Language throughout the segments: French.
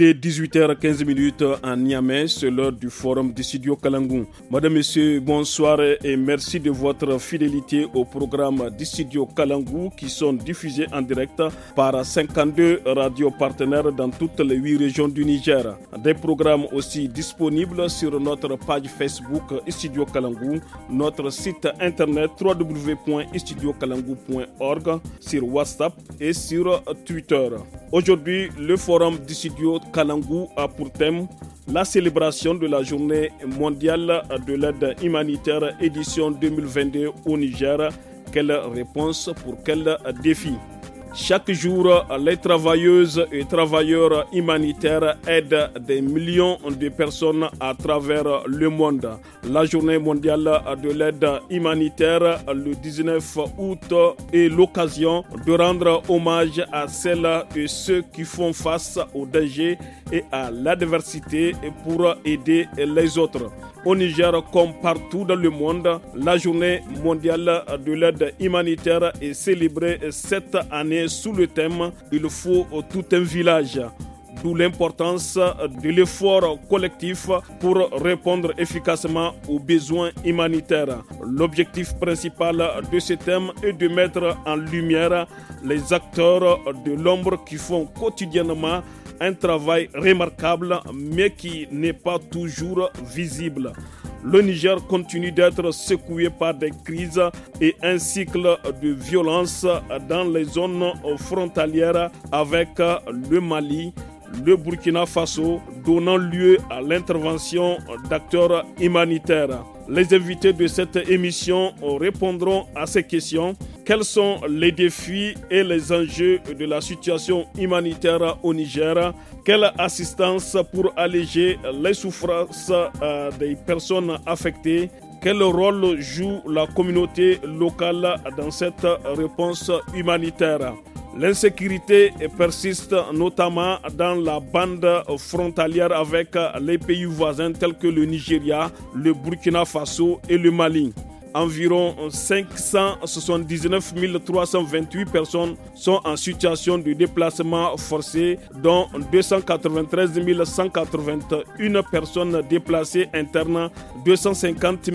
Il est 18h15 en Niamey, c'est l'heure du forum du Kalangou. Madame, Monsieur, bonsoir et merci de votre fidélité au programme du Kalangou qui sont diffusés en direct par 52 radios partenaires dans toutes les 8 régions du Niger. Des programmes aussi disponibles sur notre page Facebook Studio Kalangou, notre site internet www.studiokalangou.org, sur WhatsApp et sur Twitter. Aujourd'hui, le forum du studio Kalangou a pour thème la célébration de la journée mondiale de l'aide humanitaire édition 2022 au Niger. Quelle réponse pour quel défi chaque jour, les travailleuses et travailleurs humanitaires aident des millions de personnes à travers le monde. La journée mondiale de l'aide humanitaire le 19 août est l'occasion de rendre hommage à celles et ceux qui font face au danger et à l'adversité pour aider les autres au Niger comme partout dans le monde. La journée mondiale de l'aide humanitaire est célébrée cette année sous le thème Il faut tout un village d'où l'importance de l'effort collectif pour répondre efficacement aux besoins humanitaires. L'objectif principal de ce thème est de mettre en lumière les acteurs de l'ombre qui font quotidiennement un travail remarquable mais qui n'est pas toujours visible. Le Niger continue d'être secoué par des crises et un cycle de violence dans les zones frontalières avec le Mali, le Burkina Faso, donnant lieu à l'intervention d'acteurs humanitaires. Les invités de cette émission répondront à ces questions. Quels sont les défis et les enjeux de la situation humanitaire au Niger Quelle assistance pour alléger les souffrances euh, des personnes affectées quel rôle joue la communauté locale dans cette réponse humanitaire L'insécurité persiste notamment dans la bande frontalière avec les pays voisins tels que le Nigeria, le Burkina Faso et le Mali environ 579 328 personnes sont en situation de déplacement forcé, dont 293 181 personnes déplacées internes, 250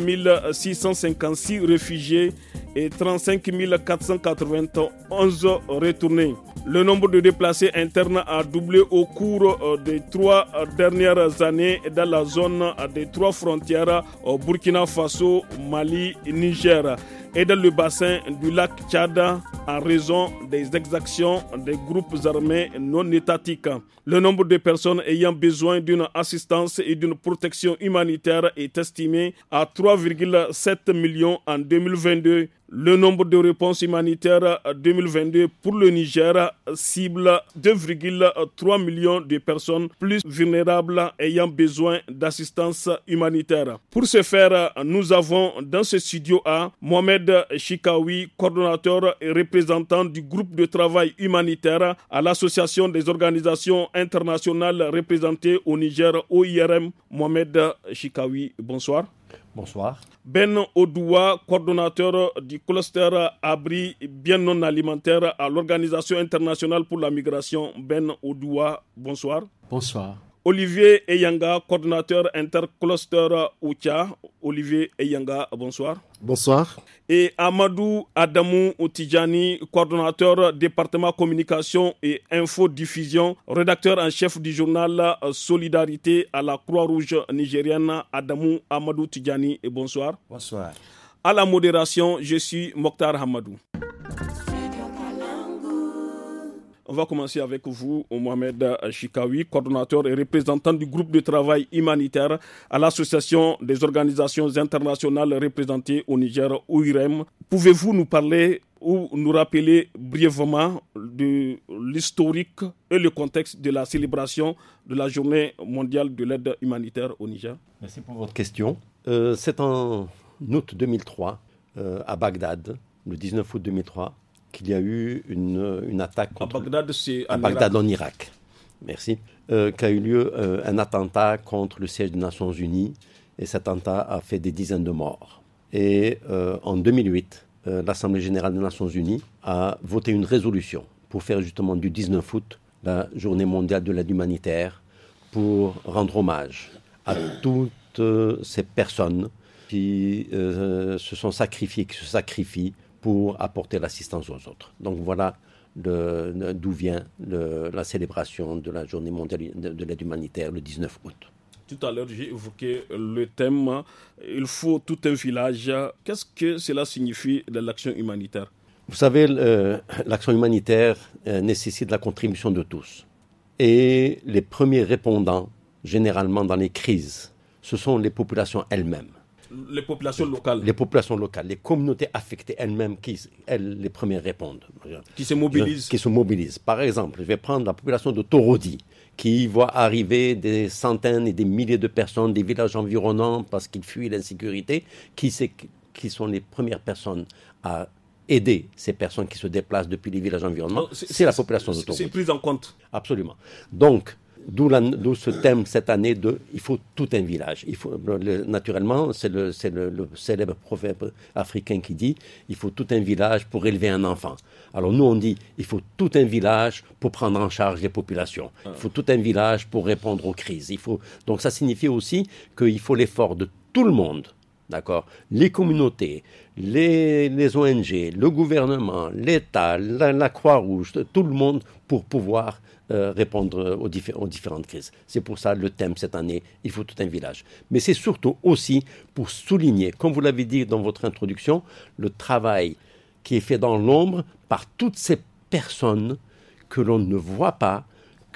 656 réfugiés et 35 491 retournés. Le nombre de déplacés internes a doublé au cours euh, des trois euh, dernières années dans la zone euh, des trois frontières au Burkina Faso, Mali, et Niger et dans le bassin du lac Tchad en raison des exactions des groupes armés non étatiques. Le nombre de personnes ayant besoin d'une assistance et d'une protection humanitaire est estimé à 3,7 millions en 2022 le nombre de réponses humanitaires 2022 pour le Niger cible 2,3 millions de personnes plus vulnérables ayant besoin d'assistance humanitaire. Pour ce faire, nous avons dans ce studio A Mohamed Chikawi, coordonnateur et représentant du groupe de travail humanitaire à l'Association des organisations internationales représentées au Niger OIRM. Mohamed Chikawi, bonsoir. Bonsoir. Ben Odoua, coordonnateur du cluster abri bien non alimentaire à l'Organisation internationale pour la migration. Ben Odoua, bonsoir. Bonsoir. Olivier Eyanga, coordinateur intercluster Oucha. Olivier Eyanga, bonsoir. Bonsoir. Et Amadou Adamou Outidjani, coordonnateur département communication et infodiffusion, rédacteur en chef du journal Solidarité à la Croix-Rouge nigérienne. Adamou Amadou Tidjani, bonsoir. Bonsoir. À la modération, je suis Mokhtar Hamadou. On va commencer avec vous, Mohamed Chikawi, coordonnateur et représentant du groupe de travail humanitaire à l'Association des organisations internationales représentées au Niger, OIREM. Pouvez-vous nous parler ou nous rappeler brièvement de l'historique et le contexte de la célébration de la journée mondiale de l'aide humanitaire au Niger Merci pour votre question. Euh, c'est en août 2003, euh, à Bagdad, le 19 août 2003, qu'il y a eu une, attaque contre, à Bagdad, en Bagdad, Irak. en Irak. Merci. Euh, qu'a eu lieu euh, un attentat contre le siège des Nations Unies et cet attentat a fait des dizaines de morts. Et euh, en 2008, l'Assemblée générale des Nations Unies a voté une résolution pour faire justement du 19 août la journée mondiale de l'aide humanitaire pour rendre hommage à toutes ces personnes qui se sont sacrifiées, qui se sacrifient pour apporter l'assistance aux autres. Donc voilà d'où vient la célébration de la journée mondiale de, l'aide humanitaire le 19 août. Tout à l'heure, j'ai évoqué le thème Il faut tout un village. Qu'est-ce que cela signifie de l'action humanitaire Vous savez, l'action humanitaire euh, nécessite la contribution de tous. Et les premiers répondants, généralement dans les crises, ce sont les populations elles-mêmes les populations locales. Les populations locales, les communautés affectées elles-mêmes qui, elles, les premières répondent. Qui se mobilisent. Qui se mobilisent. Par exemple, je vais prendre la population de Torodi, qui voit arriver des centaines et des milliers de personnes des villages environnants parce qu'ils fuient l'insécurité. Qui, qui sont les premières personnes à aider ces personnes qui se déplacent depuis les villages environnants, oh, c'est la population de C'est pris en compte. Absolument. Donc, D'où ce thème cette année de il faut tout un village. naturellement, c'est le, célèbre proverbe africain qui dit il faut tout un village pour élever un enfant. Alors nous, on dit il faut tout un village pour prendre en charge les populations. Ah. Il faut tout un village pour répondre aux crises. Il faut, donc ça signifie aussi qu'il faut l'effort de tout le monde D'accord Les communautés, les, ONG, le gouvernement, l'État, la, Croix-Rouge, tout le monde pour pouvoir euh, répondre aux, différentes crises. C'est pour ça le thème cette année, il faut tout un village. Mais c'est surtout aussi pour souligner, comme vous l'avez dit dans votre introduction, le travail qui est fait dans l'ombre par toutes ces personnes que l'on ne voit pas,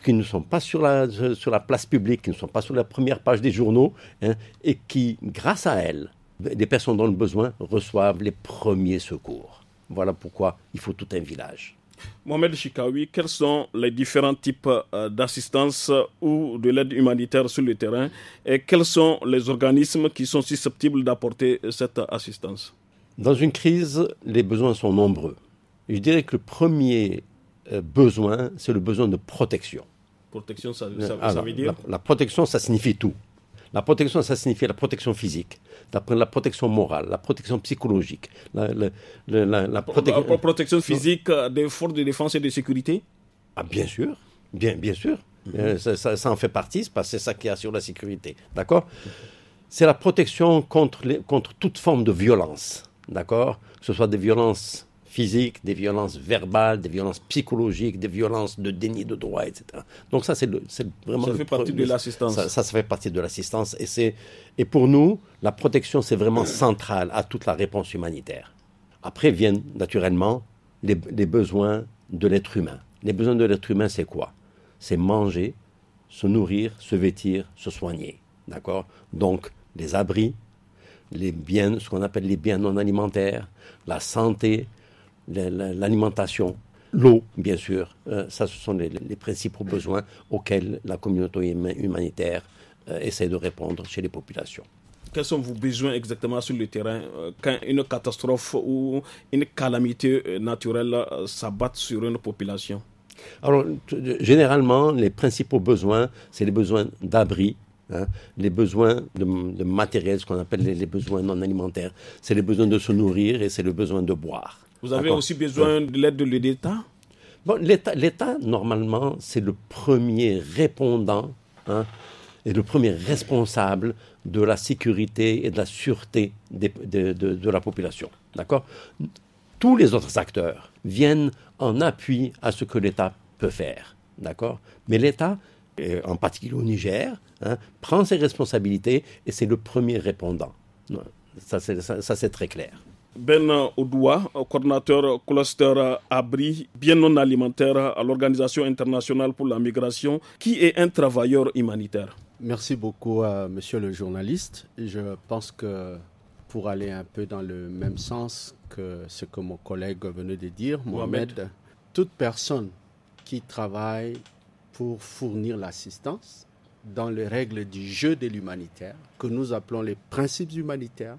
qui ne sont pas sur la, sur la place publique, qui ne sont pas sur la première page des journaux, hein, et qui, grâce à elles, des personnes dont le besoin reçoivent les premiers secours. Voilà pourquoi il faut tout un village. Mohamed Chikawi, quels sont les différents types euh, d'assistance ou de l'aide humanitaire sur le terrain et quels sont les organismes qui sont susceptibles d'apporter cette assistance Dans une crise, les besoins sont nombreux. Je dirais que le premier euh, besoin, c'est le besoin de protection. Protection, ça, veut dire la protection, ça signifie tout. La protection, ça signifie la protection physique, la, protection morale, la protection psychologique, la, la, protection... physique euh, des forces de défense et de sécurité Ah, bien sûr, bien, bien sûr. Euh, ça, en fait partie, c'est parce ça qui assure la sécurité, d'accord C'est la protection contre, contre toute forme de violence, d'accord Que ce soit des violences physiques, des violences verbales, des violences psychologiques, des violences de déni de droit, etc. Donc ça, c'est vraiment... Ça fait partie de l'assistance. Ça, ça, fait partie de l'assistance. Et, et pour nous, la protection, c'est vraiment central à toute la réponse humanitaire. Après viennent naturellement les, les besoins de l'être humain. Les besoins de l'être humain, c'est quoi C'est manger, se nourrir, se vêtir, se soigner. D'accord Donc, les abris, les biens, ce qu'on appelle les biens non alimentaires, la santé, l'alimentation, l'eau, bien sûr. Euh, ça, ce sont les, principaux besoins auxquels la communauté humanitaire euh, essaie de répondre chez les populations. Quels sont vos besoins exactement sur le terrain euh, quand une catastrophe ou une calamité naturelle s'abatte sur une population Alors, généralement, les principaux besoins, c'est les besoins d'abri, hein, les besoins de, matériel, ce qu'on appelle les, besoins non alimentaires, c'est les besoins de se nourrir et c'est le besoin de boire. Vous avez aussi besoin euh, de l'aide de l'État bon, L'État, normalement, c'est le premier répondant hein, et le premier responsable de la sécurité et de la sûreté de, la population. D'accord Tous les autres acteurs viennent en appui à ce que l'État peut faire. D'accord Mais l'État, en particulier au Niger, hein, prend ses responsabilités et c'est le premier répondant. Ça, c'est très clair. Ben Odoua, coordinateur cluster abri bien non alimentaire à l'Organisation internationale pour la migration, qui est un travailleur humanitaire. Merci beaucoup, monsieur le journaliste. Je pense que pour aller un peu dans le même sens que ce que mon collègue venait de dire, Mohamed toute personne qui travaille pour fournir l'assistance dans les règles du jeu de l'humanitaire, que nous appelons les principes humanitaires,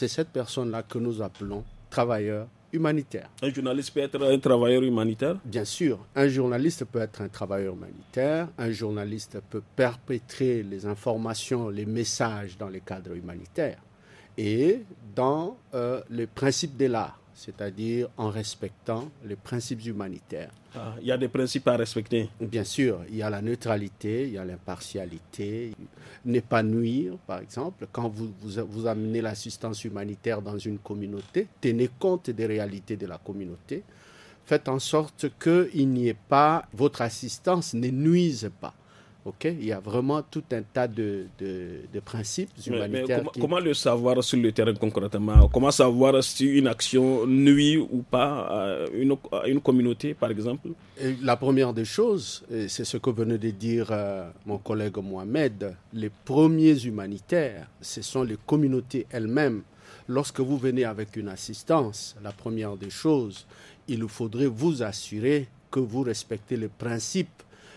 c'est cette personne-là que nous appelons travailleur humanitaire. Un journaliste peut être un travailleur humanitaire Bien sûr, un journaliste peut être un travailleur humanitaire, un journaliste peut perpétrer les informations, les messages dans les cadres humanitaires et dans euh, les principes de l'art c'est-à-dire en respectant les principes humanitaires. Ah, il y a des principes à respecter. Bien sûr, il y a la neutralité, il y a l'impartialité, ne pas nuire, par exemple. Quand vous, vous, amenez l'assistance humanitaire dans une communauté, tenez compte des réalités de la communauté. Faites en sorte qu'il n'y ait pas, votre assistance ne nuise pas il y a vraiment tout un tas de, principes humanitaires. comment, le savoir sur le terrain concrètement Comment savoir si une action nuit ou pas à une, communauté, par exemple La première des choses, c'est ce que venait de dire euh, mon collègue Mohamed, les premiers humanitaires, ce sont les communautés elles-mêmes. Lorsque vous venez avec une assistance, la première des choses, il faudrait vous assurer que vous respectez les principes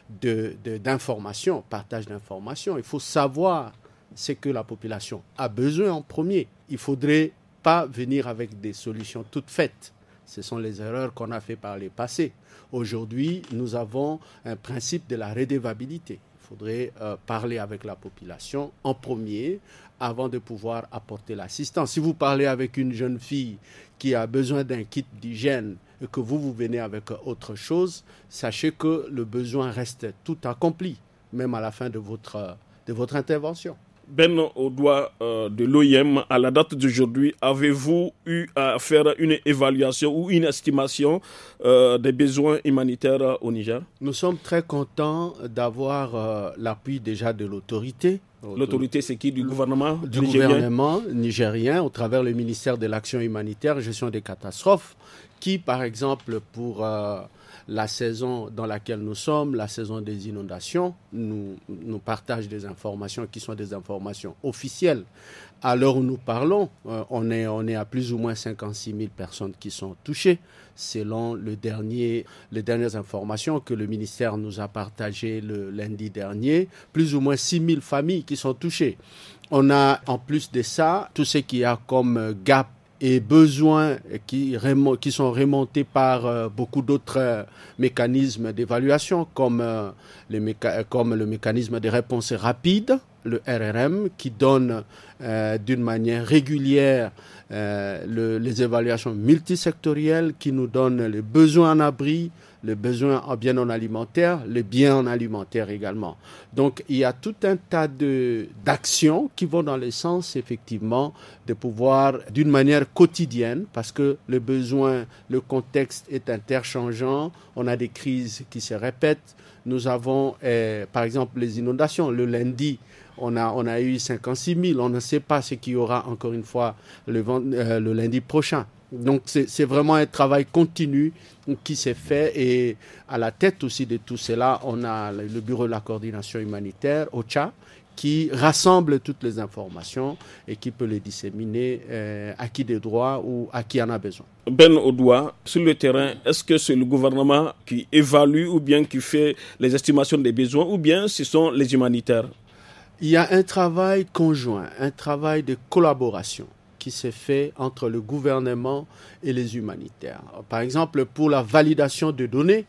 de, d'information partage d'information. Il faut savoir ce que la population a besoin en premier. Il ne faudrait pas venir avec des solutions toutes faites. Ce sont les erreurs qu'on a fait par le passé. Aujourd'hui, nous avons un principe de la redevabilité. Il faudrait euh, parler avec la population en premier avant de pouvoir apporter l'assistance. Si vous parlez avec une jeune fille qui a besoin d'un kit d'hygiène, et que vous, vous venez avec autre chose, sachez que le besoin reste tout accompli, même à la fin de votre, de votre intervention. Ben, au doigt euh, de l'OIM, à la date d'aujourd'hui, avez-vous eu à faire une évaluation ou une estimation euh, des besoins humanitaires au Niger Nous sommes très contents d'avoir euh, l'appui déjà de l'autorité. L'autorité, c'est qui Du gouvernement Du gouvernement nigérien, au travers le ministère de l'Action humanitaire, gestion des catastrophes, qui, par exemple, pour euh, la saison dans laquelle nous sommes, la saison des inondations, nous, nous partagent des informations qui sont des informations officielles. À où nous parlons, euh, on, est, on est à plus ou moins 56 000 personnes qui sont touchées, selon le dernier, les dernières informations que le ministère nous a partagées le lundi dernier, plus ou moins 6 000 familles qui sont touchées. On a en plus de ça tout ce qu'il y a comme euh, gap et besoins qui, sont remontés par euh, beaucoup d'autres euh, mécanismes d'évaluation, comme, euh, comme le mécanisme de réponse rapide, le RRM, qui donne d'une manière régulière les évaluations multisectorielles, qui nous donne les besoins en abri, le besoin en bien non alimentaire, le bien en alimentaire également. Donc il y a tout un tas d'actions qui vont dans le sens effectivement de pouvoir d'une manière quotidienne, parce que le besoin, le contexte est interchangeant, on a des crises qui se répètent, nous avons eh, par exemple les inondations, le lundi. On a, on a eu 56 000, on ne sait pas ce qu'il y aura encore une fois le, euh, le lundi prochain. Donc c'est vraiment un travail continu qui s'est fait et à la tête aussi de tout cela, on a le bureau de la coordination humanitaire, OCHA, qui rassemble toutes les informations et qui peut les disséminer euh, à qui des droits ou à qui en a besoin. Ben Odoua, sur le terrain, est-ce que c'est le gouvernement qui évalue ou bien qui fait les estimations des besoins ou bien ce sont les humanitaires Il y a un travail conjoint, un travail de collaboration qui s'est fait entre le gouvernement et les humanitaires. Par exemple, pour la validation de données,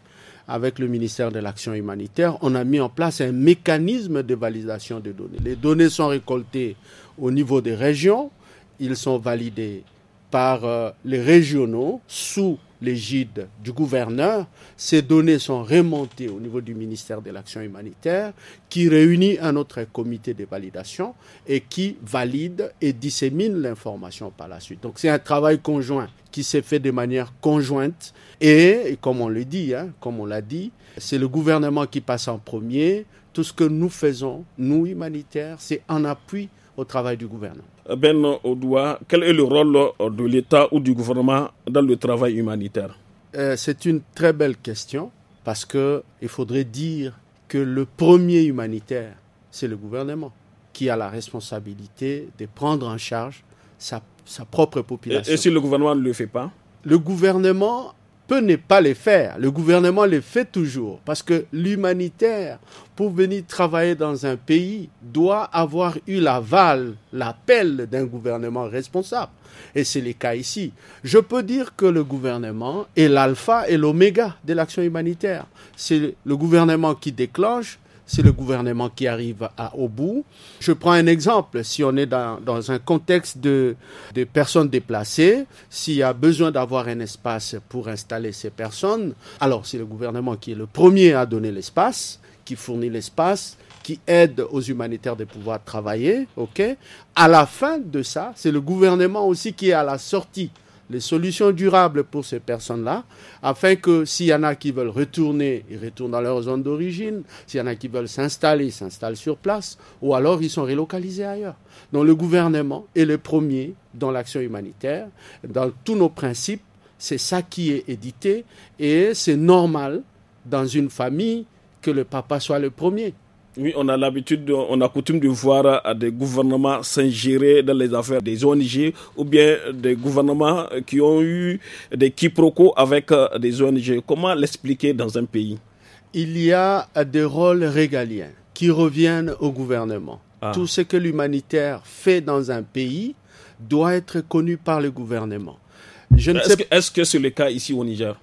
avec le ministère de l'Action humanitaire, on a mis en place un mécanisme de validation de données. Les données sont récoltées au niveau des régions, ils sont validés par euh, les régionaux sous l'égide du gouverneur, ces données sont remontées au niveau du ministère de l'Action humanitaire, qui réunit un autre comité de validation et qui valide et dissémine l'information par la suite. Donc c'est un travail conjoint qui s'est fait de manière conjointe et, comme on le dit, hein, comme on l'a dit, c'est le gouvernement qui passe en premier. Tout ce que nous faisons, nous humanitaires, c'est en appui au travail du gouvernement. Euh, ben Odoua, quel est le rôle euh, de l'État ou du gouvernement dans le travail humanitaire euh, C'est une très belle question parce qu'il faudrait dire que le premier humanitaire, c'est le gouvernement qui a la responsabilité de prendre en charge sa, propre population. et si le gouvernement ne le fait pas Le gouvernement peut ne pas les faire. Le gouvernement les fait toujours parce que l'humanitaire, pour venir travailler dans un pays, doit avoir eu l'aval, l'appel d'un gouvernement responsable. Et c'est le cas ici. Je peux dire que le gouvernement est l'alpha et l'oméga de l'action humanitaire. C'est le gouvernement qui déclenche, c'est le gouvernement qui arrive à, au bout. Je prends un exemple. Si on est dans, un contexte de, de personnes déplacées, s'il y a besoin d'avoir un espace pour installer ces personnes, alors c'est le gouvernement qui est le premier à donner l'espace, qui fournit l'espace, qui aide aux humanitaires de pouvoir travailler, ok. À la fin de ça, c'est le gouvernement aussi qui est à la sortie les solutions durables pour ces personnes-là, afin que s'il y en a qui veulent retourner, ils retournent dans leur zone d'origine, s'il y en a qui veulent s'installer, ils s'installent sur place, ou alors ils sont relocalisés ailleurs. Donc le gouvernement est le premier dans l'action humanitaire, dans tous nos principes, c'est ça qui est édité, et c'est normal dans une famille que le papa soit le premier. Oui, on a l'habitude, on a coutume de voir euh, des gouvernements s'ingérer dans les affaires des ONG ou bien des gouvernements qui ont eu des quiproquos avec euh, des ONG. Comment l'expliquer dans un pays Il y a euh, des rôles régaliens qui reviennent au gouvernement. Ah. Tout ce que l'humanitaire fait dans un pays doit être connu par le gouvernement. Est-ce que c'est le cas ici au Niger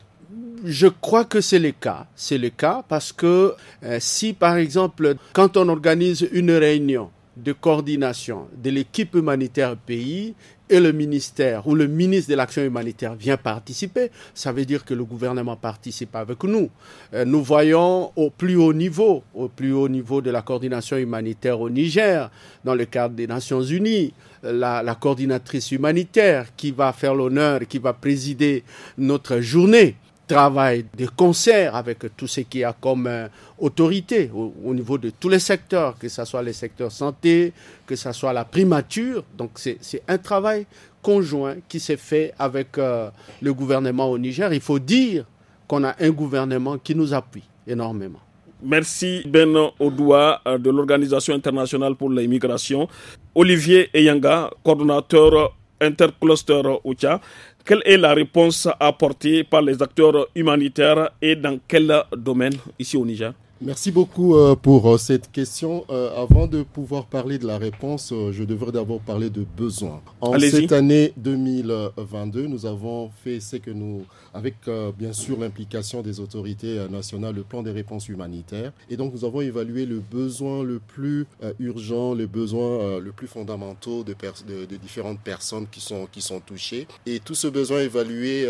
je crois que c'est le cas. C'est le cas parce que euh, si, par exemple, quand on organise une réunion de coordination de l'équipe humanitaire pays et le ministère ou le ministre de l'action humanitaire vient participer, ça veut dire que le gouvernement participe avec nous. Euh, nous voyons au plus haut niveau, au plus haut niveau de la coordination humanitaire au Niger, dans le cadre des Nations Unies, euh, la, la coordinatrice humanitaire qui va faire l'honneur, qui va présider notre journée travail de concert avec tout ce qui a comme euh, autorité au, niveau de tous les secteurs, que ce soit les secteurs santé, que ce soit la primature. Donc c'est un travail conjoint qui s'est fait avec euh, le gouvernement au Niger. Il faut dire qu'on a un gouvernement qui nous appuie énormément. Merci Ben Odoua de l'Organisation internationale pour l'immigration. Olivier Eyanga, coordonnateur intercluster Oucha, quelle est la réponse apportée par les acteurs humanitaires et dans quel domaine ici au Niger Merci beaucoup euh, pour euh, cette question. Euh, avant de pouvoir parler de la réponse, je devrais d'abord parler de besoins. En cette année 2022, nous avons fait ce que nous, avec bien sûr l'implication des autorités nationales, le plan des réponses humanitaires. Et donc nous avons évalué le besoin le plus urgent, le besoin le plus fondamental de, de, de, différentes personnes qui sont, qui sont touchées. Et tout ce besoin évalué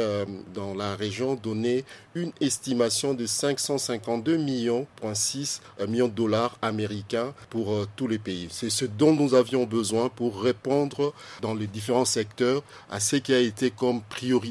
dans la région donnait une estimation de 552 millions euh, millions de dollars américains pour euh, tous les pays. C'est ce dont nous avions besoin pour répondre dans les différents secteurs à ce qui a été comme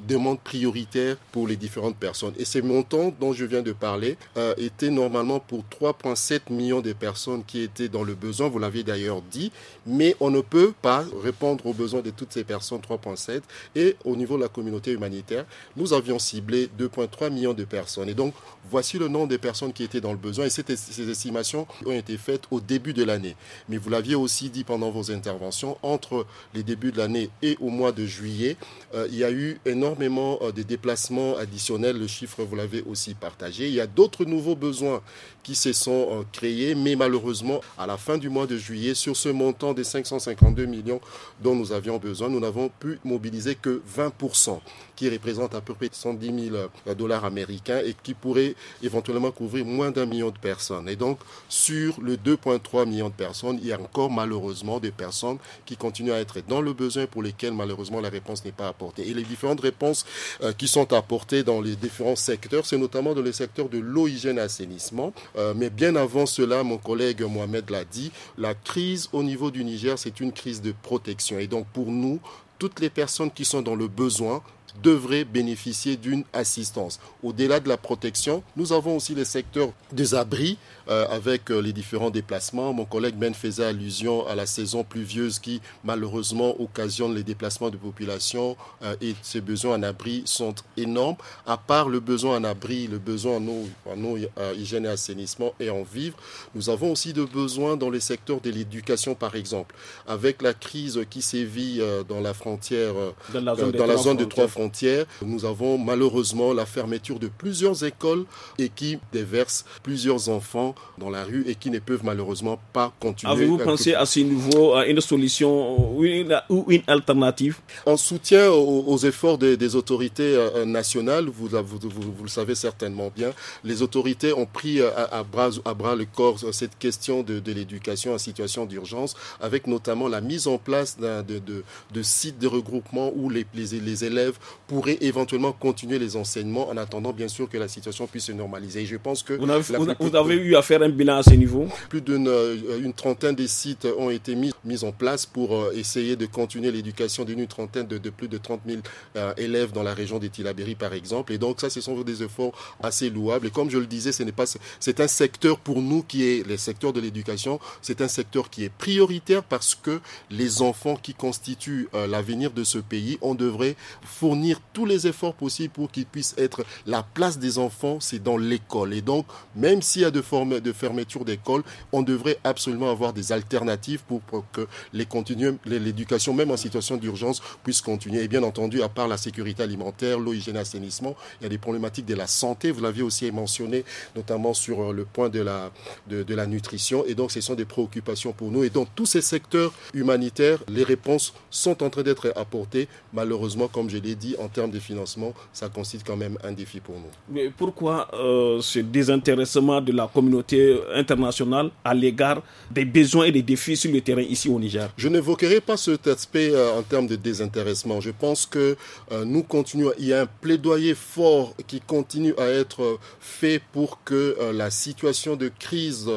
demande prioritaire pour les différentes personnes. Et ces montants dont je viens de parler euh, étaient normalement pour 3,7 millions de personnes qui étaient dans le besoin, vous l'avez d'ailleurs dit, mais on ne peut pas répondre aux besoins de toutes ces personnes, 3,7. Et au niveau de la communauté humanitaire, nous avions ciblé 2,3 millions de personnes. Et donc, voici le nombre des personnes qui étaient dans le besoin et ces estimations ont été faites au début de l'année. Mais vous l'aviez aussi dit pendant vos interventions, entre les débuts de l'année et au mois de juillet, euh, il y a eu énormément euh, de déplacements additionnels. Le chiffre, vous l'avez aussi partagé. Il y a d'autres nouveaux besoins qui se sont euh, créés, mais malheureusement, à la fin du mois de juillet, sur ce montant des 552 millions dont nous avions besoin, nous n'avons pu mobiliser que 20%, qui représente à peu près 110 000 dollars américains et qui pourrait éventuellement couvrir moins d'un million de personnes. Et donc, sur le 2,3 millions de personnes, il y a encore malheureusement des personnes qui continuent à être dans le besoin pour lesquelles malheureusement la réponse n'est pas apportée. Et les différentes réponses euh, qui sont apportées dans les différents secteurs, c'est notamment dans le secteur de l'eau, hygiène, assainissement. Euh, mais bien avant cela, mon collègue Mohamed l'a dit, la crise au niveau du Niger, c'est une crise de protection. Et donc, pour nous, toutes les personnes qui sont dans le besoin, devraient bénéficier d'une assistance. Au-delà de la protection, nous avons aussi les secteurs des abris euh, avec euh, les différents déplacements. Mon collègue Ben faisait allusion à la saison pluvieuse qui malheureusement occasionne les déplacements de population euh, et ces besoins en abri sont énormes. À part le besoin en abri, le besoin en eau, en eau hygiène et assainissement et en vivre, nous avons aussi de besoins dans les secteurs de l'éducation par exemple. Avec la crise qui sévit dans la frontière, dans zone la zone de trois frontières, frontière Nous avons malheureusement la fermeture de plusieurs écoles et qui déversent plusieurs enfants dans la rue et qui ne peuvent malheureusement pas continuer. Avez-vous pensé à ce niveau à une solution ou une, alternative En soutien aux, efforts des, autorités euh, euh, nationales, vous, le savez certainement bien, les autorités ont pris euh, à, bras, le corps cette question de, l'éducation en situation d'urgence, avec notamment la mise en place de, sites de regroupement où les, les, les élèves pourrait éventuellement continuer les enseignements en attendant bien sûr que la situation puisse se normaliser. Et je pense que... Vous avez, eu à faire un bilan à ce niveau Plus d'une euh, trentaine de sites ont été mis, en place pour euh, essayer de continuer l'éducation d'une trentaine de, plus de 30 000 euh, élèves dans la région des Tilabéry par exemple. Et donc ça, ce sont des efforts assez louables. Et comme je le disais, ce n'est pas... C'est un secteur pour nous qui est... Le secteur de l'éducation, c'est un secteur qui est prioritaire parce que les enfants qui constituent l'avenir de ce pays, on devrait fournir tous les efforts possibles pour qu'il puisse être la place des enfants, c'est dans l'école. Et donc, même s'il y a de, fermetures de fermeture d'école, on devrait absolument avoir des alternatives pour, que l'éducation, même en situation d'urgence, puisse continuer. Et bien entendu, à part la sécurité alimentaire, l'eau, hygiène, assainissement, il y a des problématiques de la santé. Vous l'aviez aussi mentionné, notamment sur euh, le point de la, de la nutrition. Et donc, ce sont des préoccupations pour nous. Et dans tous ces secteurs humanitaires, les réponses sont en train d'être apportées. Malheureusement, comme je l'ai dit, en termes de financement, ça constitue quand même un défi pour nous. Mais pourquoi euh, ce désintéressement de la communauté internationale à l'égard des besoins et des défis sur le terrain ici au Niger Je n'évoquerai pas cet aspect euh, en termes de désintéressement. Je pense que euh, nous continuons. Il y a un plaidoyer fort qui continue à être fait pour que la situation de crise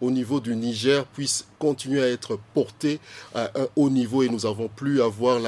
au niveau du Niger puisse continuer à être portée à un haut niveau et nous avons plus avoir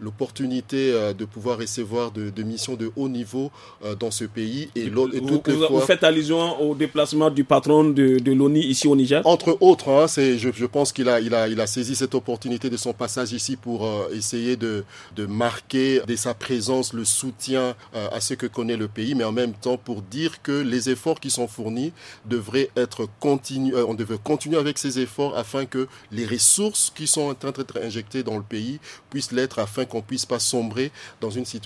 l'opportunité de pouvoir recevoir de, missions de haut niveau euh, dans ce pays. Et, et vous, faites allusion au déplacement du patron de, l'ONI ici au Niger Entre autres, hein, c'est je, je, pense qu'il a, il a, il a saisi cette opportunité de son passage ici pour euh, essayer de, de marquer de sa présence le soutien euh, à ce que connaît le pays, mais en même temps pour dire que les efforts qui sont fournis devraient être continu, on devrait continuer avec ces efforts afin que les ressources qui sont en train d'être injectées dans le pays puissent l'être afin qu'on puisse pas sombrer dans une situation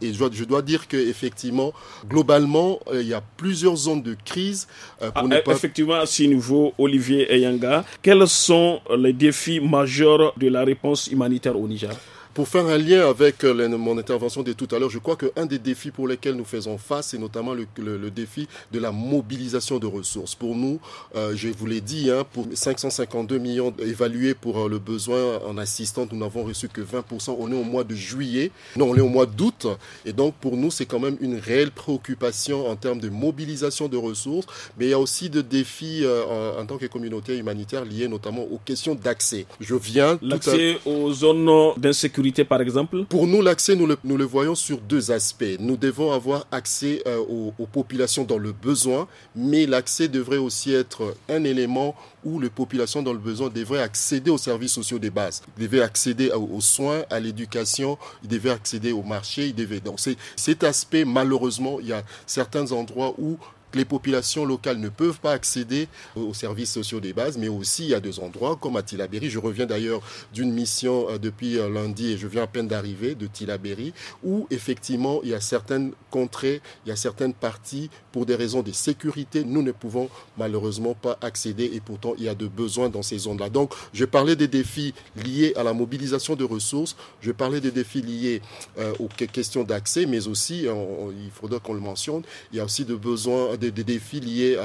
et je dois, dire qu'effectivement, globalement, euh, il y a plusieurs zones de crise. Euh, ah, eh, Pour Effectivement, à ce niveau, Olivier Eyanga, quels sont les défis majeurs de la réponse humanitaire au Niger pour faire un lien avec euh, mon intervention de tout à l'heure, je crois qu'un des défis pour lesquels nous faisons face, c'est notamment le, défi de la mobilisation de ressources. Pour nous, euh, je vous l'ai dit, hein, pour 552 millions évalués pour euh, le besoin en assistance, nous n'avons reçu que 20%. On est au mois de juillet, non, on est au mois d'août. Et donc, pour nous, c'est quand même une réelle préoccupation en termes de mobilisation de ressources. Mais il y a aussi des défis en, tant que communauté humanitaire liés notamment aux questions d'accès. Je viens... L'accès aux zones d'insécurité par exemple Pour nous, l'accès, nous le, voyons sur deux aspects. Nous devons avoir accès euh, aux, populations dans le besoin, mais l'accès devrait aussi être un élément où les populations dans le besoin devraient accéder aux services sociaux de base. Ils devraient accéder aux, soins, à l'éducation, ils devraient accéder au marché. Ils devaient... Donc, cet aspect, malheureusement, il y a certains endroits où les populations locales ne peuvent pas accéder aux services sociaux des bases, mais aussi à des endroits comme à Tilabéry. Je reviens d'ailleurs d'une mission euh, depuis euh, lundi et je viens à peine d'arriver de Tilabéry, où effectivement il y a certaines contrées, il y a certaines parties, pour des raisons de sécurité, nous ne pouvons malheureusement pas accéder et pourtant il y a de besoins dans ces zones-là. Donc je parlais des défis liés à la mobilisation de ressources, je parlais des défis liés euh, aux questions d'accès, mais aussi, il faudra qu'on le mentionne, il y a aussi de besoins des, défis liés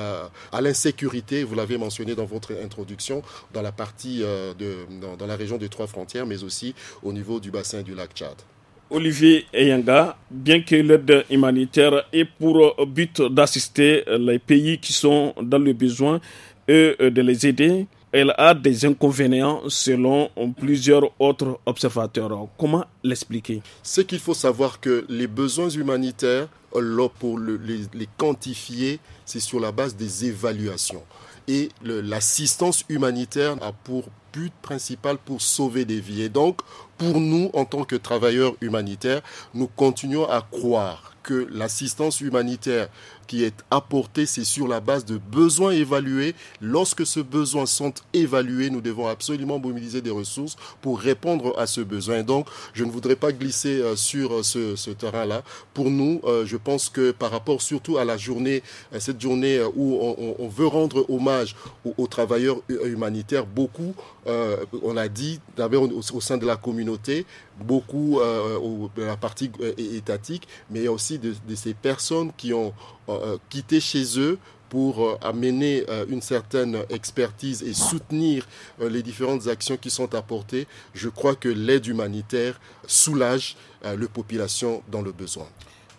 à, l'insécurité. Vous l'avez mentionné dans votre introduction, dans la partie euh, de, dans, la région des trois frontières, mais aussi au niveau du bassin du lac Tchad. Olivier Eyanga, bien que l'aide humanitaire ait pour euh, but d'assister euh, les pays qui sont dans le besoin et de les aider, elle a des inconvénients selon plusieurs autres observateurs. Comment l'expliquer Ce qu'il faut savoir que les besoins humanitaires, euh, pour les, les quantifier, c'est sur la base des évaluations. Et l'assistance humanitaire a pour but principal pour sauver des vies. Et donc, pour nous, en tant que travailleurs humanitaires, nous continuons à croire que l'assistance humanitaire qui est apporté, c'est sur la base de besoins évalués. Lorsque ce besoin sont évalués, nous devons absolument mobiliser des ressources pour répondre à ce besoin. Donc, je ne voudrais pas glisser euh, sur euh, ce, terrain-là. Pour nous, euh, je pense que par rapport surtout à la journée, cette journée où on, veut rendre hommage aux, travailleurs humanitaires, beaucoup, on l'a dit, d'abord au sein de la communauté, beaucoup euh, de la partie euh, étatique, mais aussi de, ces personnes qui ont euh, quitté chez eux pour amener une certaine expertise et soutenir les différentes actions qui sont apportées, je crois que l'aide humanitaire soulage les population dans le besoin.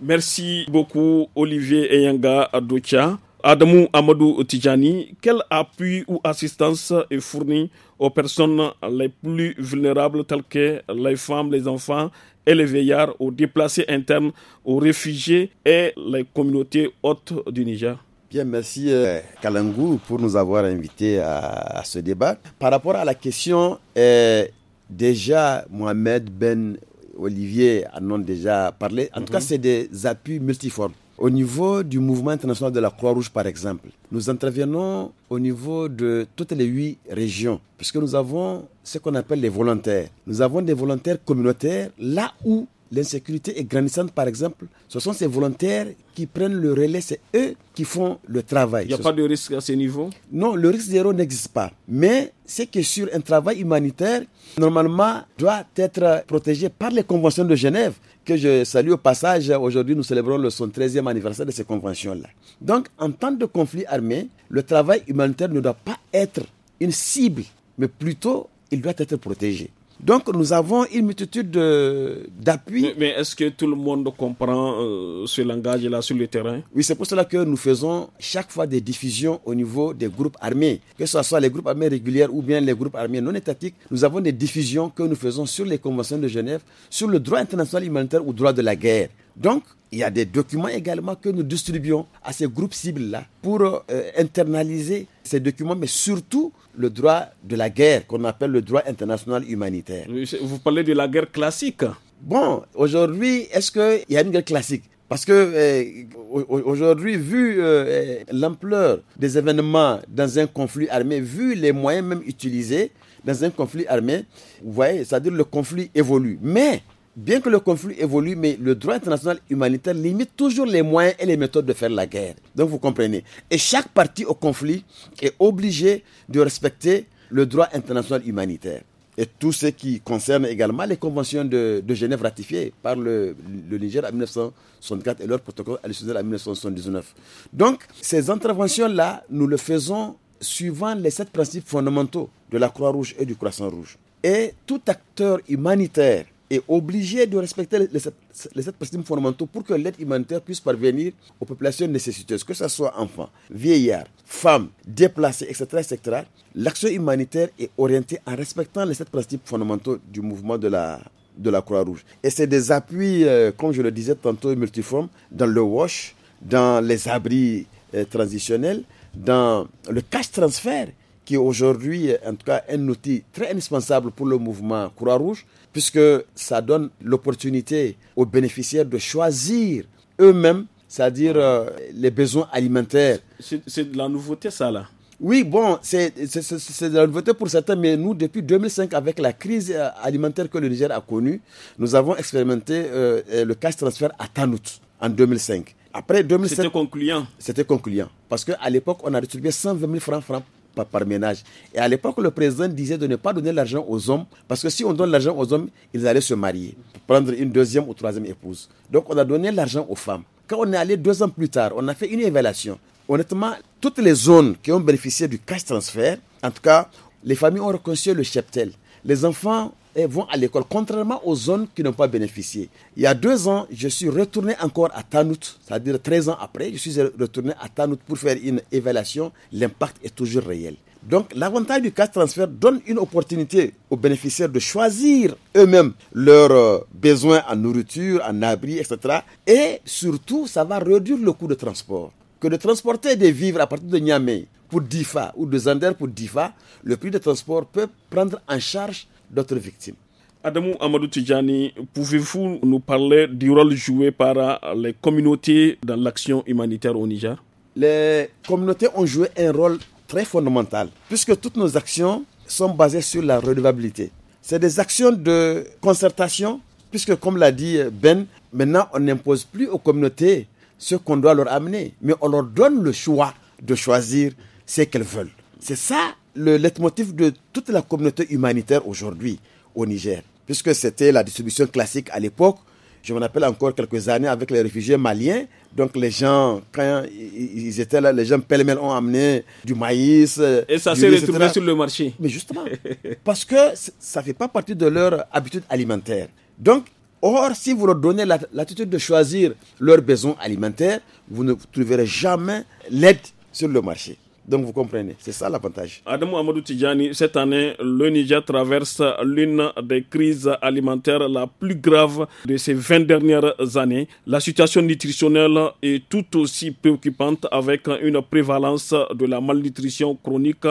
Merci beaucoup Olivier Eyanga Adoucha. Adamou Amadou Tijani, quel appui ou assistance est fourni aux personnes les plus vulnérables telles que les femmes, les enfants et les veillards, aux déplacés internes, aux réfugiés et les communautés hautes du Niger. Bien, merci Kalangu euh, Kalangou pour nous avoir invités à, ce débat. Par rapport à la question, euh, déjà Mohamed Ben Olivier en ont déjà parlé. En tout mhm. cas, c'est des appuis multiformes. Au niveau du mouvement international de la Croix-Rouge, par exemple, nous intervenons au niveau de toutes les huit régions, puisque nous avons ce qu'on appelle les volontaires. Nous avons des volontaires communautaires là où l'insécurité est grandissante, par exemple, ce sont ces volontaires qui prennent le relais, c'est eux qui font le travail. Il n'y a pas de risque à ce niveau Non, le risque zéro n'existe pas. Mais c'est que sur un travail humanitaire, normalement, doit être protégé par les conventions de Genève que je salue au passage. Aujourd'hui, nous célébrons le 13 e anniversaire de ces conventions-là. Donc, en temps de conflit armé, le travail humanitaire ne doit pas être une cible, mais plutôt, il doit être protégé. Donc nous avons une multitude d'appuis. Mais, est-ce que tout le monde comprend euh, ce langage-là sur le terrain Oui, c'est pour cela que nous faisons chaque fois des diffusions au niveau des groupes armés, que ce soit les groupes armés réguliers ou bien les groupes armés non étatiques. Nous avons des diffusions que nous faisons sur les conventions de Genève, sur le droit international humanitaire ou droit de la guerre. Donc, il y a des documents également que nous distribuons à ces groupes cibles-là pour euh, internaliser ces documents, mais surtout le droit de la guerre qu'on appelle le droit international humanitaire. Vous parlez de la guerre classique. Bon, aujourd'hui, est-ce qu'il y a une guerre classique parce que euh, aujourd'hui, vu euh, l'ampleur des événements dans un conflit armé, vu les moyens même utilisés dans un conflit armé, vous voyez, c'est-à-dire le conflit évolue. Mais bien que le conflit évolue, mais le droit international humanitaire limite toujours les moyens et les méthodes de faire la guerre. Donc vous comprenez. Et chaque partie au conflit est obligée de respecter le droit international humanitaire. Et tout ce qui concerne également les conventions de, Genève ratifiées par le, Niger en 1964 et leur protocole à' en 1979. Donc, ces interventions-là, nous le faisons suivant les sept principes fondamentaux de la Croix-Rouge et du Croissant-Rouge. Et tout acteur humanitaire est obligé de respecter les, sept principes fondamentaux pour que l'aide humanitaire puisse parvenir aux populations nécessiteuses, que ce soit enfants, vieillards, femmes, déplacés, etc. etc. L'action humanitaire est orientée en respectant les sept principes fondamentaux du mouvement de la, de la Croix-Rouge. Et c'est des appuis, euh, comme je le disais tantôt, multiformes, dans le WASH, dans les abris euh, transitionnels, dans le cash transfert qui est aujourd'hui en tout cas un outil très indispensable pour le mouvement Croix-Rouge, puisque ça donne l'opportunité aux bénéficiaires de choisir eux-mêmes, c'est-à-dire euh, les besoins alimentaires. C'est de la nouveauté ça là oui, bon, c'est de la nouveauté pour certains, mais nous, depuis 2005, avec la crise euh, alimentaire que le Niger a connue, nous avons expérimenté euh, le cash transfert à Tanout en 2005. Après 2007, c'était concluant. C'était concluant. Parce qu'à l'époque, on a distribué 120 000 francs, francs par, ménage. Et à l'époque, le président disait de ne pas donner l'argent aux hommes, parce que si on donne l'argent aux hommes, ils allaient se marier, prendre une deuxième ou troisième épouse. Donc on a donné l'argent aux femmes. Quand on est allé deux ans plus tard, on a fait une évaluation. Honnêtement, toutes les zones qui ont bénéficié du cash transfert, en tout cas, les familles ont reconstruit le cheptel. Les enfants vont à l'école, contrairement aux zones qui n'ont pas bénéficié. Il y a deux ans, je suis retourné encore à Tanout, c'est-à-dire 13 ans après, je suis retourné à Tanout pour faire une évaluation. L'impact est toujours réel. Donc, l'avantage du cash transfert donne une opportunité aux bénéficiaires de choisir eux-mêmes leurs euh, besoins en nourriture, en abri, etc. Et surtout, ça va réduire le coût de transport. Que de transporter des vivres à partir de Niamey pour DIFA ou de Zander pour DIFA, le prix de transport peut prendre en charge d'autres victimes. Adamou Amadou Tijani, pouvez-vous nous parler du rôle joué par euh, les communautés dans l'action humanitaire au Niger Les communautés ont joué un rôle très fondamental, puisque toutes nos actions sont basées sur la redevabilité. C'est des actions de concertation, puisque comme l'a dit euh, Ben, maintenant on n'impose plus aux communautés ce qu'on doit leur amener, mais on leur donne le choix de choisir ce qu'elles veulent. C'est ça le leitmotiv de toute la communauté humanitaire aujourd'hui au Niger, puisque c'était la distribution classique à l'époque. Je me rappelle encore quelques années avec les réfugiés maliens. Donc les gens, quand ils étaient là, les gens pêle-mêle ont amené du maïs. Euh, et ça s'est retrouvé sur le marché. Mais justement, parce que ça ne fait pas partie de leur habitude alimentaire. Donc Or, si vous leur donnez l'attitude de choisir leurs besoins alimentaires, vous ne trouverez jamais l'aide sur le marché. Donc vous comprenez, c'est ça l'avantage. Adam Amadou Tidjani, cette année, le Niger traverse l'une des crises alimentaires la plus grave de ces 20 dernières années. La situation nutritionnelle est tout aussi préoccupante avec une prévalence de la malnutrition chronique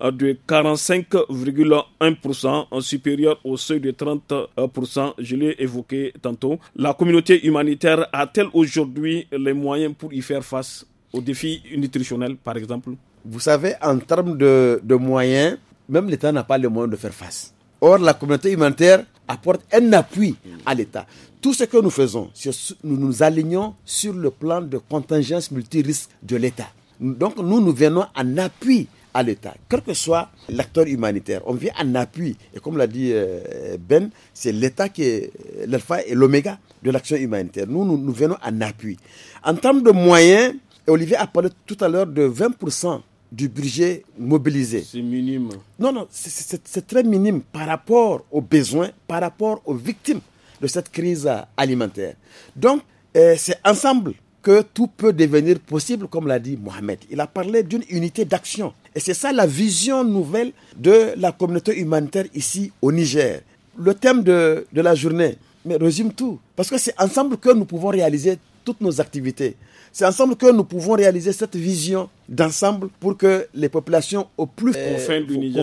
de 45,1% supérieure au seuil de 30%, je l'ai évoqué tantôt. La communauté humanitaire a-t-elle aujourd'hui les moyens pour y faire face aux défis nutritionnels, par exemple vous savez, en termes de, moyens, même l'État n'a pas les moyens de faire face. Or, la communauté humanitaire apporte un appui à l'État. Tout ce que nous faisons, nous nous alignons sur le plan de contingence multirisque de l'État. Donc, nous, nous venons en appui à l'État, quel que soit l'acteur humanitaire. On vient en appui. Et comme l'a dit euh, Ben, c'est l'État qui est l'alpha et l'oméga de l'action humanitaire. Nous, nous, nous venons en appui. En termes de moyens, Olivier a parlé tout à l'heure de 20% du budget mobilisé. C'est minime. Non, non, c'est très minime par rapport aux besoins, par rapport aux victimes de cette crise alimentaire. Donc, euh, c'est ensemble que tout peut devenir possible, comme l'a dit Mohamed. Il a parlé d'une unité d'action. Et c'est ça la vision nouvelle de la communauté humanitaire ici au Niger. Le thème de, de la journée mais résume tout. Parce que c'est ensemble que nous pouvons réaliser toutes nos activités. C'est ensemble que nous pouvons réaliser cette vision d'ensemble pour que les populations au plus euh,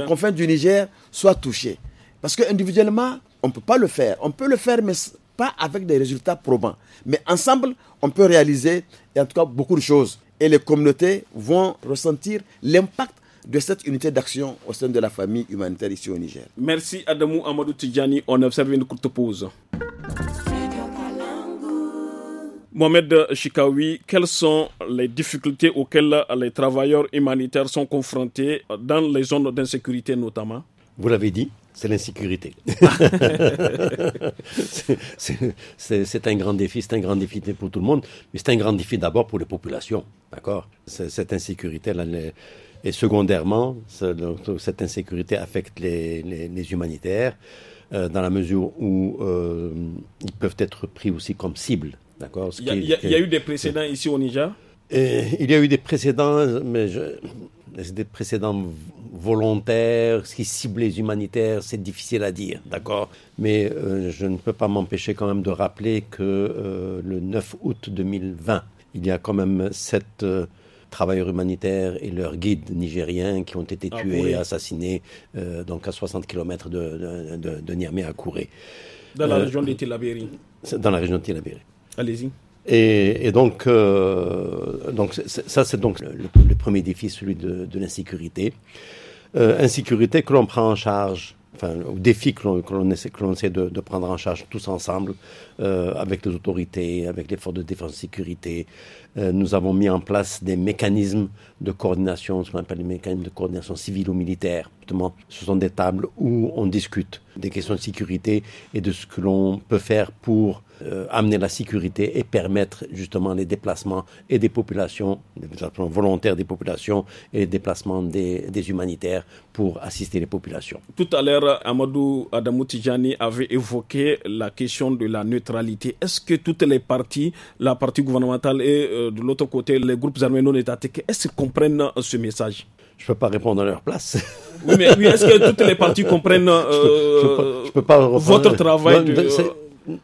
confins du, Niger soient touchées. Parce que individuellement, on ne peut pas le faire. On peut le faire, mais pas avec des résultats probants. Mais ensemble, on peut réaliser, et en tout cas, beaucoup de choses. Et les communautés vont ressentir l'impact de cette unité d'action au sein de la famille humanitaire ici au Niger. Merci Adamou Amadou Tidjani. On observe une courte pause. Mohamed Chikawi, quelles sont les difficultés auxquelles les travailleurs humanitaires sont confrontés dans les zones d'insécurité notamment Vous l'avez dit, c'est l'insécurité. c'est un grand défi, c'est un grand défi pour tout le monde, mais c'est un grand défi d'abord pour les populations, d'accord Cette insécurité, et secondairement, cette insécurité affecte les, humanitaires euh, dans la mesure où euh, ils peuvent être pris aussi comme cible il y, a eu des précédents ici au Niger eh, Il y a eu des précédents, mais c'est des précédents volontaires, ce qui cible les humanitaires, c'est difficile à dire, d'accord Mais euh, je ne peux pas m'empêcher quand même de rappeler que euh, le 9 août 2020, il y a quand même sept euh, travailleurs humanitaires et leurs guides nigériens qui ont été tués et assassinés, donc à 60 km de, Niamey à Kouré. Dans la région de Tillabéri. Dans la région de Tillabéri. Allez-y. Et, donc, euh, donc ça, c'est donc le, premier défi, celui de, l'insécurité. Euh, insécurité que l'on prend en charge, enfin, défi que l'on, essaie, de, de, prendre en charge tous ensemble, euh, avec les autorités, avec les forces de défense et sécurité. nous avons mis en place des mécanismes de coordination, ce qu'on appelle les mécanismes de coordination civile ou militaire. Justement, ce sont des tables où on discute des questions de sécurité et de ce que l'on peut faire pour euh, amener la sécurité et permettre justement les déplacements et des populations, les déplacements volontaires des populations et les déplacements des, humanitaires pour assister les populations. Tout à l'heure, Amadou Adamou avait évoqué la question de la neutralité. Est-ce que toutes les parties, la partie gouvernementale et euh, de l'autre côté les groupes armés non étatiques, est-ce qu'ils comprennent euh, ce message je ne peux pas répondre à leur place. Oui, mais oui, est-ce que toutes les parties comprennent votre travail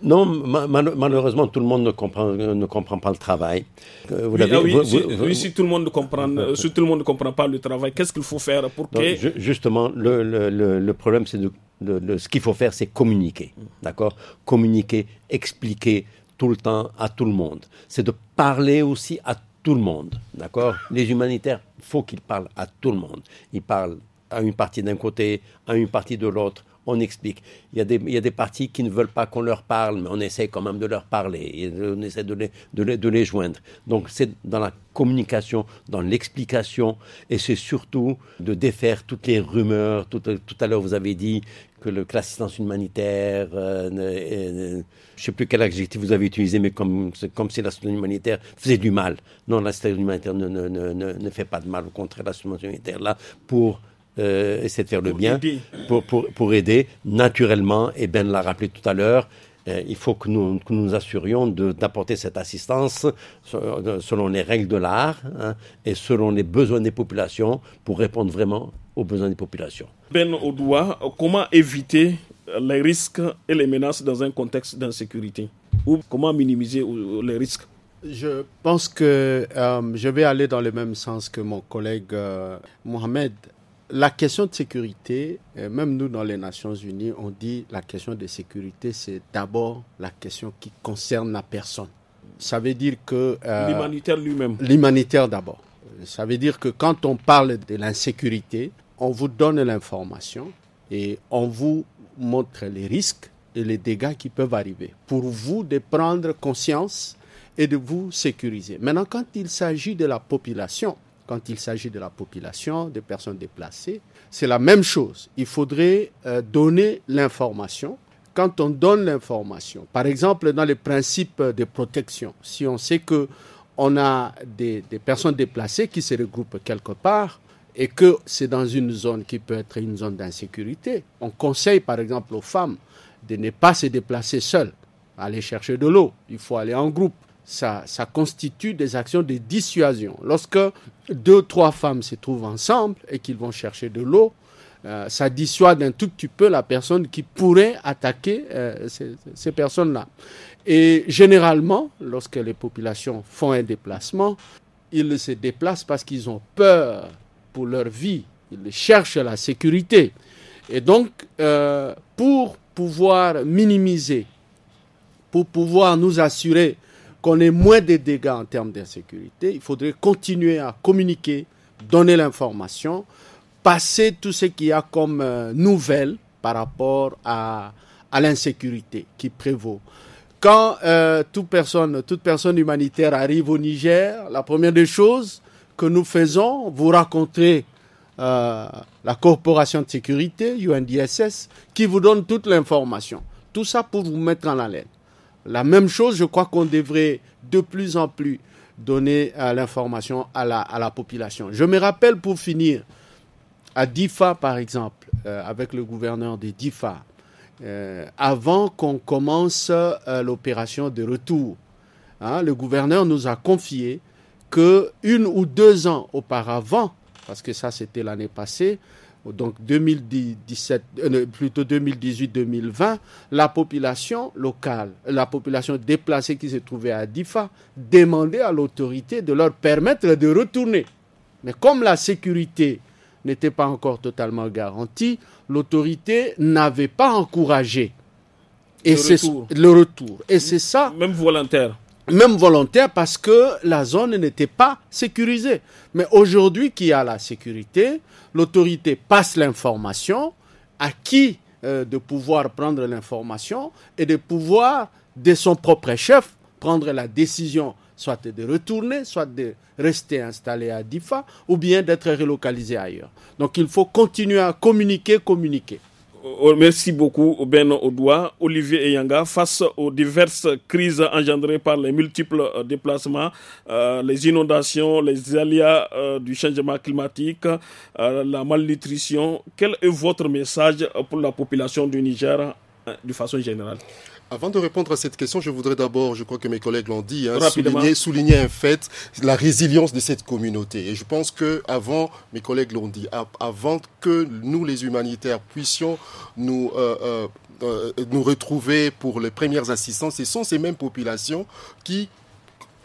non, malheureusement, tout le monde ne comprend, ne comprend pas le travail. Euh, vous oui, ah oui, si, tout le monde ne comprend, euh, si tout le monde comprend pas le travail, qu'est-ce qu'il faut faire pour Justement, le, le, problème, c'est de, de, ce qu'il faut faire, c'est communiquer. D'accord Communiquer, expliquer tout le temps à tout le monde. C'est de parler aussi à tout le monde. D'accord Les humanitaires, faut qu'ils parlent à tout le monde. Ils parlent à une partie d'un côté, à une partie de l'autre, on explique. Il y, a des, il partis qui ne veulent pas qu'on leur parle, mais on essaie quand même de leur parler, et on essaie de les, de les, joindre. Donc c'est dans la communication, dans l'explication, et c'est surtout de défaire toutes les rumeurs. Tout, à l'heure, vous avez dit que l'assistance humanitaire, euh, euh, je ne sais plus quel adjectif vous avez utilisé, mais comme, comme si l'assistance humanitaire faisait du mal. Non, l'assistance humanitaire ne, ne, fait pas de mal, au contraire, l'assistance humanitaire là pour euh, essayer de faire le bien Pour, aider naturellement. Et Ben l'a rappelé tout à l'heure. Euh, il faut que nous nous assurions d'apporter cette assistance selon les règles de l'art hein, et selon les besoins des populations pour répondre vraiment aux besoins des populations. Ben Odoua, comment éviter les risques et les menaces dans un contexte d'insécurité Ou comment minimiser les risques je pense que euh, je vais aller dans le même sens que mon collègue Mohamed la question de sécurité, euh, même nous dans les Nations Unies, on dit la question de sécurité, c'est d'abord la question qui concerne la personne. Ça veut dire que... Euh, l'humanitaire lui-même. L'humanitaire d'abord. Ça veut dire que quand on parle de l'insécurité, on vous donne l'information et on vous montre les risques et les dégâts qui peuvent arriver pour vous de prendre conscience et de vous sécuriser. Maintenant, quand il s'agit de la population, quand il s'agit de la population, des personnes déplacées. C'est la même chose. Il faudrait euh, donner l'information. Quand on donne l'information, par exemple dans les principes de protection, si on sait que on a des, des personnes déplacées qui se regroupent quelque part, et que c'est dans une zone qui peut être une zone d'insécurité, on conseille par exemple aux femmes de ne pas se déplacer seules, aller chercher de l'eau, il faut aller en groupe ça, constitue des actions de dissuasion. Lorsque deux, trois femmes se trouvent ensemble et qu'ils vont chercher de l'eau, euh, ça dissuade un tout petit peu la personne qui pourrait attaquer euh, ces, personnes-là. Et généralement, lorsque les populations font un déplacement, ils se déplacent parce qu'ils ont peur pour leur vie. Ils cherchent la sécurité. Et donc, euh, pour pouvoir minimiser, pour pouvoir nous assurer qu'on ait moins de dégâts en termes d'insécurité, il faudrait continuer à communiquer, donner l'information, passer tout ce qu'il y a comme euh, nouvelles nouvelle par rapport à, l'insécurité qui prévaut. Quand euh, toute, personne, toute personne humanitaire arrive au Niger, la première des choses que nous faisons, vous raconter euh, la corporation de sécurité, UNDSS, qui vous donne toute l'information. Tout ça pour vous mettre en haleine. La même chose, je crois qu'on devrait de plus en plus donner euh, l'information à la, à la population. Je me rappelle pour finir, à DIFA par exemple, euh, avec le gouverneur de DIFA, euh, avant qu'on commence l'opération de retour, hein, le gouverneur nous a confié que une ou deux ans auparavant, parce que ça c'était l'année passée, donc 2017, euh, plutôt 2018-2020, la population locale, la population déplacée qui se trouvait à Difa, demandait à l'autorité de leur permettre de retourner. Mais comme la sécurité n'était pas encore totalement garantie, l'autorité n'avait pas encouragé et le, retour. le retour. Et c'est ça. Même volontaire même volontaire parce que la zone n'était pas sécurisée. Mais aujourd'hui qu'il y a la sécurité, l'autorité passe l'information à qui euh, de pouvoir prendre l'information et de pouvoir, de son propre chef, prendre la décision soit de retourner, soit de rester installé à Difa, ou bien d'être relocalisé ailleurs. Donc il faut continuer à communiquer, communiquer. Euh, euh, merci beaucoup Ben Odoua, Olivier Eyanga. Face aux diverses crises engendrées par les multiples euh, déplacements, les inondations, les aléas du changement climatique, la malnutrition, quel est votre message pour la population du Niger hein, de façon générale avant de répondre à cette question, je voudrais d'abord, je crois que mes collègues l'ont dit, hein, souligner, un fait, la résilience de cette communauté. Et je pense que avant, mes collègues l'ont dit, avant que nous les humanitaires puissions nous euh, euh, euh, nous retrouver pour les premières assistances, ce sont ces mêmes populations qui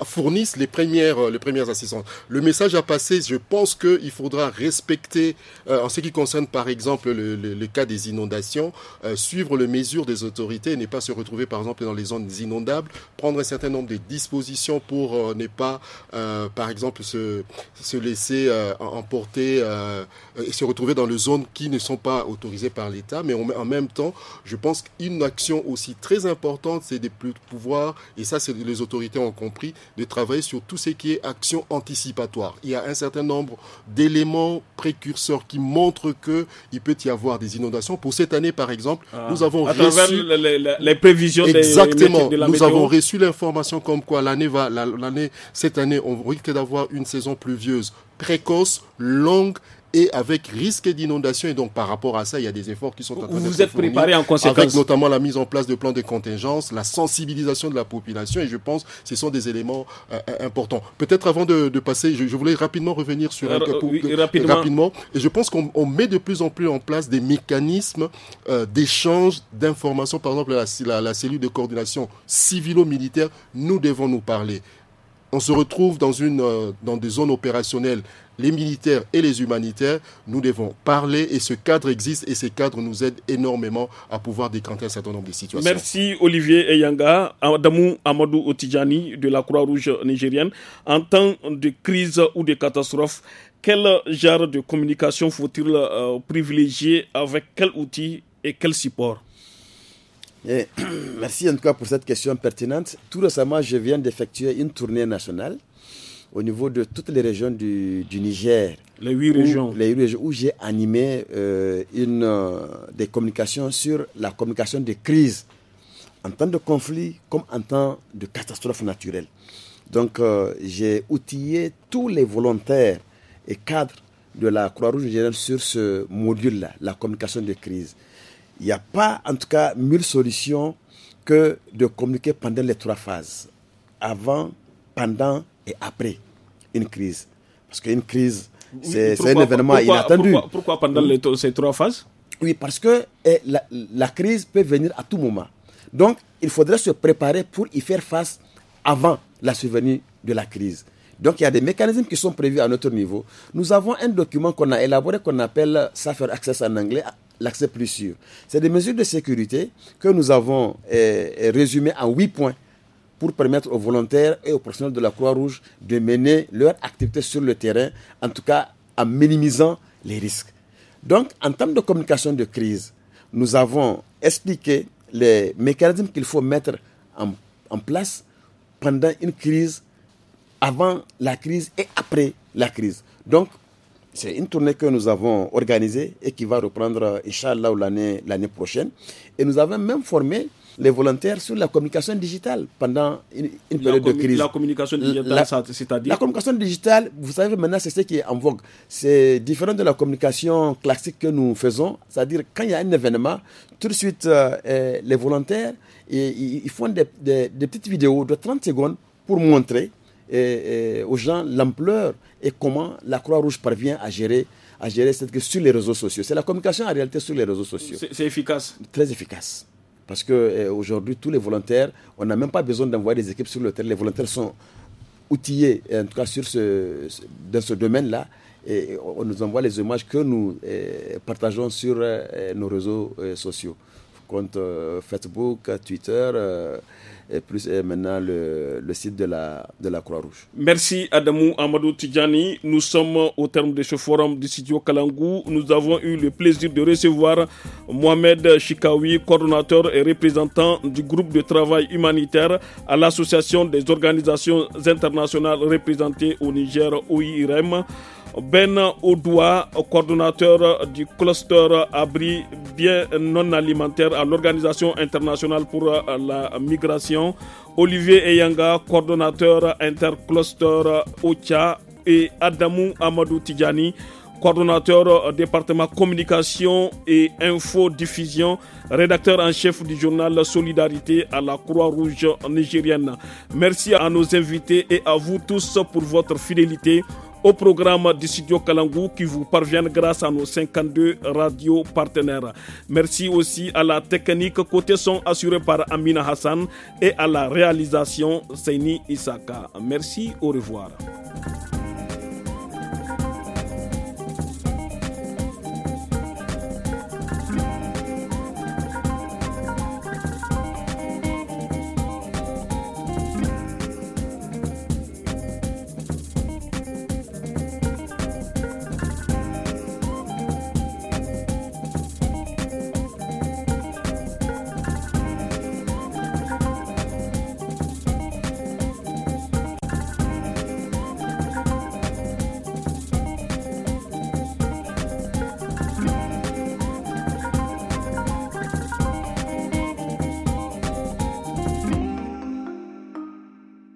fournissent les premières, euh, les premières assistances. Le message à passer, je pense qu'il faudra respecter, euh, en ce qui concerne par exemple le, cas des inondations, euh, suivre les mesures des autorités et ne pas se retrouver par exemple dans les zones inondables, prendre un certain nombre de dispositions pour ne pas par exemple se, se laisser emporter et se retrouver dans les zones qui ne sont pas autorisées par l'État. Mais en même temps, je pense qu'une action aussi très importante, c'est de pouvoir, et ça c'est les autorités ont compris, de travailler sur tout ce qui est action anticipatoire. Il y a un certain nombre d'éléments précurseurs qui montrent qu'il peut y avoir des inondations. Pour cette année, par exemple, ah. nous avons reçu les, prévisions exactement. nous avons reçu l'information comme quoi l'année va l'année cette année on risque d'avoir une saison pluvieuse précoce, longue et avec risque d'inondation. Et donc, par rapport à ça, il y a des efforts qui sont en train Vous vous êtes préparé en conséquence. Avec notamment la mise en place de plans de contingence, la sensibilisation de la population. Et je pense que ce sont des éléments euh, euh, importants. Peut-être avant de, passer, je, voulais rapidement revenir sur... Euh, rapidement. Et je pense qu'on met de plus en plus en place des mécanismes d'échange d'informations. Par exemple, la cellule de coordination civilo-militaire, nous devons nous parler on se retrouve dans, une, euh, dans des zones opérationnelles, les militaires et les humanitaires, nous devons parler et ce cadre existe et ce cadre nous aide énormément à pouvoir décanter un certain nombre de situations. Merci Olivier Eyanga, Adamou Amadou Otidjani de la Croix-Rouge nigérienne. En temps de crise ou de catastrophe, quel genre de communication faut-il euh, privilégier avec quel outil et quel support merci en tout cas pour cette question pertinente. Tout récemment, je viens d'effectuer une tournée nationale au niveau de toutes les régions du, Niger. Les huit régions. Les huit régions où j'ai animé euh, une, euh, des communications sur la communication des crises en temps de conflit comme en temps de catastrophe naturelle. Donc euh, j'ai outillé tous les volontaires et cadres de la Croix-Rouge générale sur ce module-là, la communication de crise. Il n'y a pas, en tout cas, mille solutions que de communiquer pendant les trois phases. Avant, pendant et après une crise. Parce qu'une crise, c'est un événement inattendu. Pourquoi, pendant ces trois phases Oui, parce que eh, la, la, crise peut venir à tout moment. Donc, il faudrait se préparer pour y faire face avant la survenue de la crise. Donc il y a des mécanismes qui sont prévus à notre niveau. Nous avons un document qu'on a élaboré qu'on appelle Safer Access en anglais, l'accès plus sûr. C'est des mesures de sécurité que nous avons eh, eh, résumées en huit points pour permettre aux volontaires et aux personnels de la Croix-Rouge de mener leur activité sur le terrain, en tout cas en minimisant les risques. Donc, en termes de communication de crise, nous avons expliqué les mécanismes qu'il faut mettre en place pendant une crise avant la crise et après la crise. Donc, c'est une tournée que nous avons organisée et qui va reprendre, Inch'Allah, l'année, l'année prochaine. Et nous avons même formé les volontaires sur la communication digitale pendant une, période de crise. La communication digitale, c'est-à-dire La communication digitale, vous savez maintenant, c'est ce qui est en vogue. C'est différent de la communication classique que nous faisons. C'est-à-dire, quand il y a un événement, tout de suite, euh, euh, les volontaires, ils, ils font des petites vidéos de 30 secondes pour montrer et, aux gens l'ampleur et comment la Croix-Rouge parvient à gérer à gérer cette crise sur les réseaux sociaux. C'est la communication en réalité sur les réseaux sociaux. C'est efficace. Très efficace. Parce qu'aujourd'hui, euh, tous les volontaires, on n'a même pas besoin d'envoyer des équipes sur le terrain. Les volontaires sont outillés, en tout cas sur ce, dans ce domaine-là. Et on nous envoie les images que nous euh, partageons sur euh, nos réseaux sociaux. Compte Facebook, Twitter et plus maintenant le, site de la, de la Croix-Rouge. Merci Adamou Amadou Tidjani. Nous sommes au terme de ce forum du studio Kalangou. Nous avons eu le plaisir de recevoir Mohamed Chikawi, coordonnateur et représentant du groupe de travail humanitaire à l'Association des organisations internationales représentées au Niger, OIRM. Ben Odoua, coordonnateur du cluster abri bien non alimentaire à l'Organisation internationale pour euh, la migration, Olivier Eyanga, coordonnateur intercluster euh, OCHA et Adamou Amadou Tidjani, coordonnateur euh, département communication et infodiffusion, rédacteur en chef du journal Solidarité à la Croix-Rouge nigérienne. Merci à nos invités et à vous tous pour votre fidélité au programme du studio Kalangou qui vous parviennent grâce à nos 52 radios partenaires. Merci aussi à la technique côté son assurée par Amina Hassan et à la réalisation Seini Isaka. Merci, au revoir.